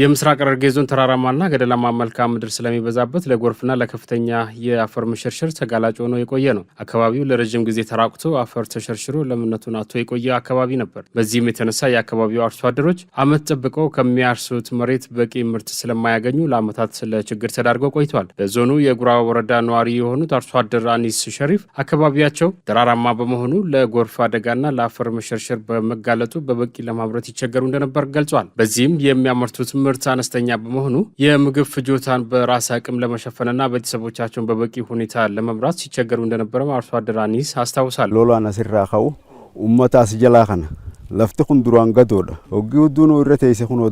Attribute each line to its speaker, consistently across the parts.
Speaker 1: የምስራቅ ሐረርጌ ዞን ተራራማና ገደላማ መልክዓ ምድር ስለሚበዛበት ለጎርፍና ለከፍተኛ የአፈር መሸርሸር ተጋላጭ ሆኖ የቆየ ነው። አካባቢው ለረዥም ጊዜ ተራቁቶ አፈር ተሸርሽሮ ለምነቱን አቶ የቆየ አካባቢ ነበር። በዚህም የተነሳ የአካባቢው አርሶ አደሮች ዓመት ጠብቀው ከሚያርሱት መሬት በቂ ምርት ስለማያገኙ ለዓመታት ለችግር ተዳርገው ቆይተዋል። በዞኑ የጉራ ወረዳ ነዋሪ የሆኑት አርሶ አደር አኒስ ሸሪፍ አካባቢያቸው ተራራማ በመሆኑ ለጎርፍ አደጋና ለአፈር መሸርሸር በመጋለጡ በበቂ ለማምረት ይቸገሩ እንደነበር ገልጿል። በዚህም የሚያመርቱት ምርት አነስተኛ በመሆኑ የምግብ ፍጆታን በራስ አቅም ለመሸፈንና ቤተሰቦቻቸውን በበቂ ሁኔታ ለመምራት ሲቸገሩ እንደነበረም አርሶ አደር አኒስ አስታውሳል።
Speaker 2: ሎሎ አነሲራ ከው ኡመታ ስጀላ ከነ ለፍቲ ኩን ዱራን ገዶዳ ወጊ ውዱኖ እረ ተይሴ ኩኖ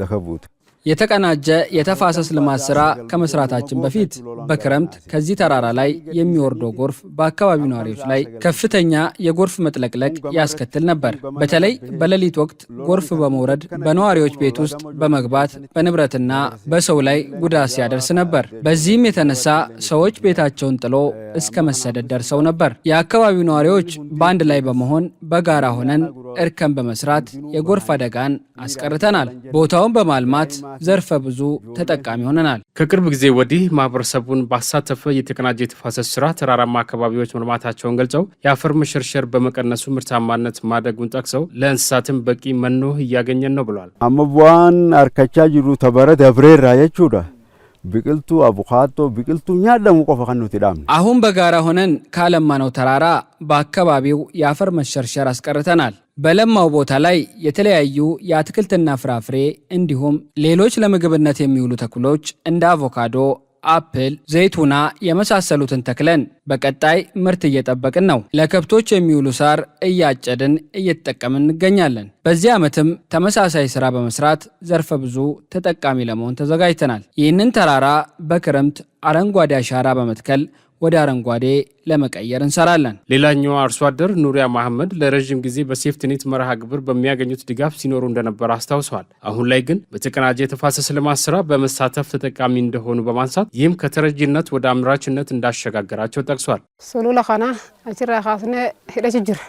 Speaker 2: ደከቡት
Speaker 1: የተቀናጀ የተፋሰስ ልማት ስራ ከመስራታችን በፊት በክረምት ከዚህ ተራራ ላይ የሚወርደው ጎርፍ በአካባቢው ነዋሪዎች ላይ ከፍተኛ የጎርፍ መጥለቅለቅ ያስከትል ነበር። በተለይ በሌሊት ወቅት ጎርፍ በመውረድ በነዋሪዎች ቤት ውስጥ በመግባት በንብረትና በሰው ላይ ጉዳት ሲያደርስ ነበር። በዚህም የተነሳ ሰዎች ቤታቸውን ጥሎ እስከ መሰደድ ደርሰው ነበር። የአካባቢው ነዋሪዎች በአንድ ላይ በመሆን በጋራ ሆነን እርከን በመስራት የጎርፍ አደጋን አስቀርተናል። ቦታውን በማልማት ዘርፈ ብዙ ተጠቃሚ ሆነናል።
Speaker 3: ከቅርብ ጊዜ ወዲህ ማህበረሰቡን ባሳተፈ የተቀናጀ የተፋሰስ ስራ ተራራማ አካባቢዎች መልማታቸውን ገልጸው የአፈር መሸርሸር በመቀነሱ ምርታማነት ማደጉን ጠቅሰው ለእንስሳትም በቂ መኖ እያገኘን ነው ብሏል።
Speaker 2: አመቧን አርከቻ ጅሩ ተበረ ደብሬራ የችሁደ ብቅልቱ አቡካቶ ብቅልቱ ኛለሙ ቆፈ ከኑት ዳም
Speaker 1: አሁን በጋራ ሆነን ካለማነው ተራራ በአካባቢው የአፈር መሸርሸር አስቀርተናል። በለማው ቦታ ላይ የተለያዩ የአትክልትና ፍራፍሬ እንዲሁም ሌሎች ለምግብነት የሚውሉ ተክሎች እንደ አቮካዶ፣ አፕል፣ ዘይቱና የመሳሰሉትን ተክለን በቀጣይ ምርት እየጠበቅን ነው። ለከብቶች የሚውሉ ሳር እያጨድን እየተጠቀምን እንገኛለን። በዚህ ዓመትም ተመሳሳይ ስራ በመስራት ዘርፈ ብዙ ተጠቃሚ ለመሆን ተዘጋጅተናል። ይህንን ተራራ በክረምት አረንጓዴ አሻራ በመትከል ወደ አረንጓዴ ለመቀየር እንሰራለን። ሌላኛው አርሶ አደር ኑሪያ መሐመድ ለረዥም ጊዜ በሴፍትኔት መርሃ ግብር በሚያገኙት ድጋፍ ሲኖሩ እንደነበር አስታውሰዋል። አሁን ላይ ግን በተቀናጀ የተፋሰስ ልማት ስራ በመሳተፍ ተጠቃሚ እንደሆኑ በማንሳት ይህም ከተረጂነት ወደ አምራችነት እንዳሸጋገራቸው ጠቅሷል።
Speaker 4: ሱሉ ለኸና አችራ ካስነ ሄደች ጅር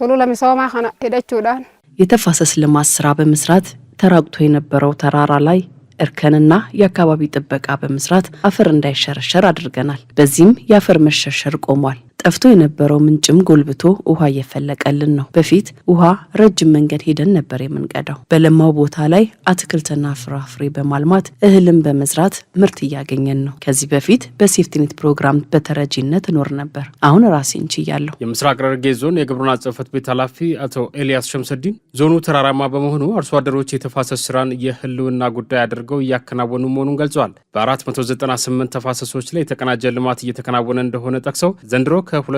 Speaker 4: ሱሉ ለሚሰማ ኸና ሄደችውዳን
Speaker 1: የተፋሰስ ልማት ስራ በመስራት ተራቁቶ የነበረው ተራራ ላይ እርከንና የአካባቢ ጥበቃ በመስራት አፈር እንዳይሸረሸር አድርገናል። በዚህም የአፈር መሸርሸር ቆሟል። ጠፍቶ የነበረው ምንጭም ጎልብቶ ውሃ እየፈለቀልን ነው። በፊት ውሃ ረጅም መንገድ ሄደን ነበር የምንቀዳው። በለማው ቦታ ላይ አትክልትና ፍራፍሬ በማልማት እህልን በመዝራት ምርት እያገኘን ነው። ከዚህ በፊት በሴፍቲኔት ፕሮግራም በተረጂነት እኖር ነበር። አሁን ራሴን ችያለሁ።
Speaker 3: የምስራቅ ሐረርጌ ዞን የግብርና ጽሕፈት ቤት ኃላፊ አቶ ኤልያስ ሸምሰዲን ዞኑ ተራራማ በመሆኑ አርሶ አደሮች የተፋሰስ ስራን የህልውና ጉዳይ አድርገው እያከናወኑ መሆኑን ገልጸዋል። በ498 ተፋሰሶች ላይ የተቀናጀ ልማት እየተከናወነ እንደሆነ ጠቅሰው ዘንድሮ ከ ከ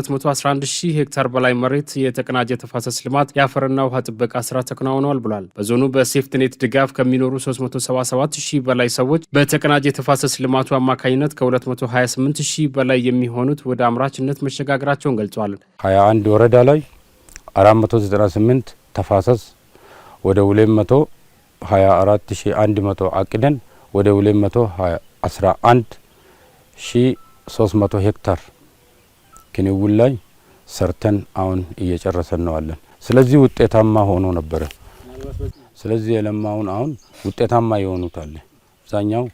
Speaker 3: ሺህ ሄክታር በላይ መሬት የተቀናጀ ተፋሰስ ልማት የአፈርና ውሃ ጥበቃ ስራ ተከናውኗል ብሏል። በዞኑ በሴፍትኔት ድጋፍ ከሚኖሩ 377000 በላይ ሰዎች በተቀናጀ ተፋሰስ ልማቱ አማካኝነት ከ228000 በላይ የሚሆኑት ወደ አምራችነት መሸጋገራቸውን ገልጿል።
Speaker 2: 21 ወረዳ ላይ 498 ተፋሰስ ወደ 224100 አቅደን ወደ 211 ሺ 300 ሄክታር ክንውን ላይ ሰርተን አሁን እየጨረሰን ነዋለን። ስለዚህ ውጤታማ ሆኖ ነበረ። ስለዚህ የለማውን አሁን ውጤታማ የሆኑት አለ አብዛኛው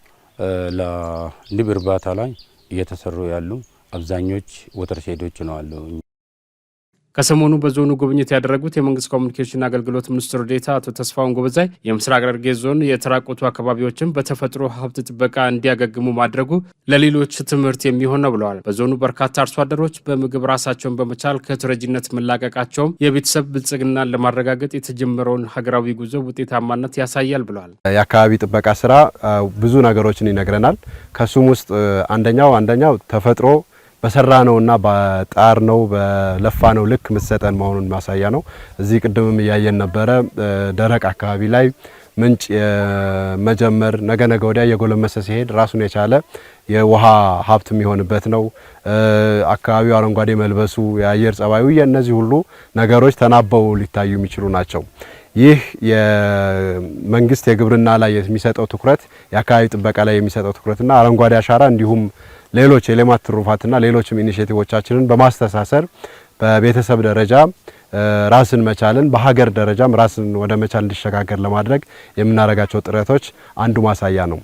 Speaker 2: ለንብ እርባታ ላይ እየተሰሩ ያሉ አብዛኞች ወተር ነው አሉ።
Speaker 3: ከሰሞኑ በዞኑ ጉብኝት ያደረጉት የመንግስት ኮሚኒኬሽን አገልግሎት ሚኒስትር ዴታ አቶ ተስፋውን ጎበዛይ የምስራቅ ሐረርጌ ዞን የተራቆቱ አካባቢዎችን በተፈጥሮ ሀብት ጥበቃ እንዲያገግሙ ማድረጉ ለሌሎች ትምህርት የሚሆን ነው ብለዋል። በዞኑ በርካታ አርሶ አደሮች በምግብ ራሳቸውን በመቻል ከተረጂነት መላቀቃቸውም የቤተሰብ ብልጽግናን ለማረጋገጥ የተጀመረውን ሀገራዊ ጉዞ ውጤታማነት ያሳያል ብለዋል።
Speaker 2: የአካባቢ ጥበቃ ስራ ብዙ ነገሮችን ይነግረናል። ከሱም ውስጥ አንደኛው አንደኛው ተፈጥሮ በሰራ እና በጣር ነው በለፋ ነው ልክ ምሰጠን መሆኑን ማሳያ ነው። እዚህ ቅድምም እያየን ነበረ ደረቅ አካባቢ ላይ ምንጭ መጀመር ነገ ነገ ወዲያ እየጎለመሰ ሲሄድ ራሱን የቻለ የውሃ ሀብት የሚሆንበት ነው። አካባቢው አረንጓዴ መልበሱ፣ የአየር ጸባዩ፣ የእነዚህ ሁሉ ነገሮች ተናበው ሊታዩ የሚችሉ ናቸው። ይህ የመንግስት የግብርና ላይ የሚሰጠው ትኩረት የአካባቢ ጥበቃ ላይ የሚሰጠው ትኩረትና አረንጓዴ አሻራ እንዲሁም ሌሎች የሌማት ትሩፋትና ሌሎችም ኢኒሽቲቮቻችንን በማስተሳሰር በቤተሰብ ደረጃ ራስን መቻልን በሀገር ደረጃም ራስን ወደ መቻል እንዲሸጋገር ለማድረግ የምናደርጋቸው ጥረቶች አንዱ ማሳያ ነው።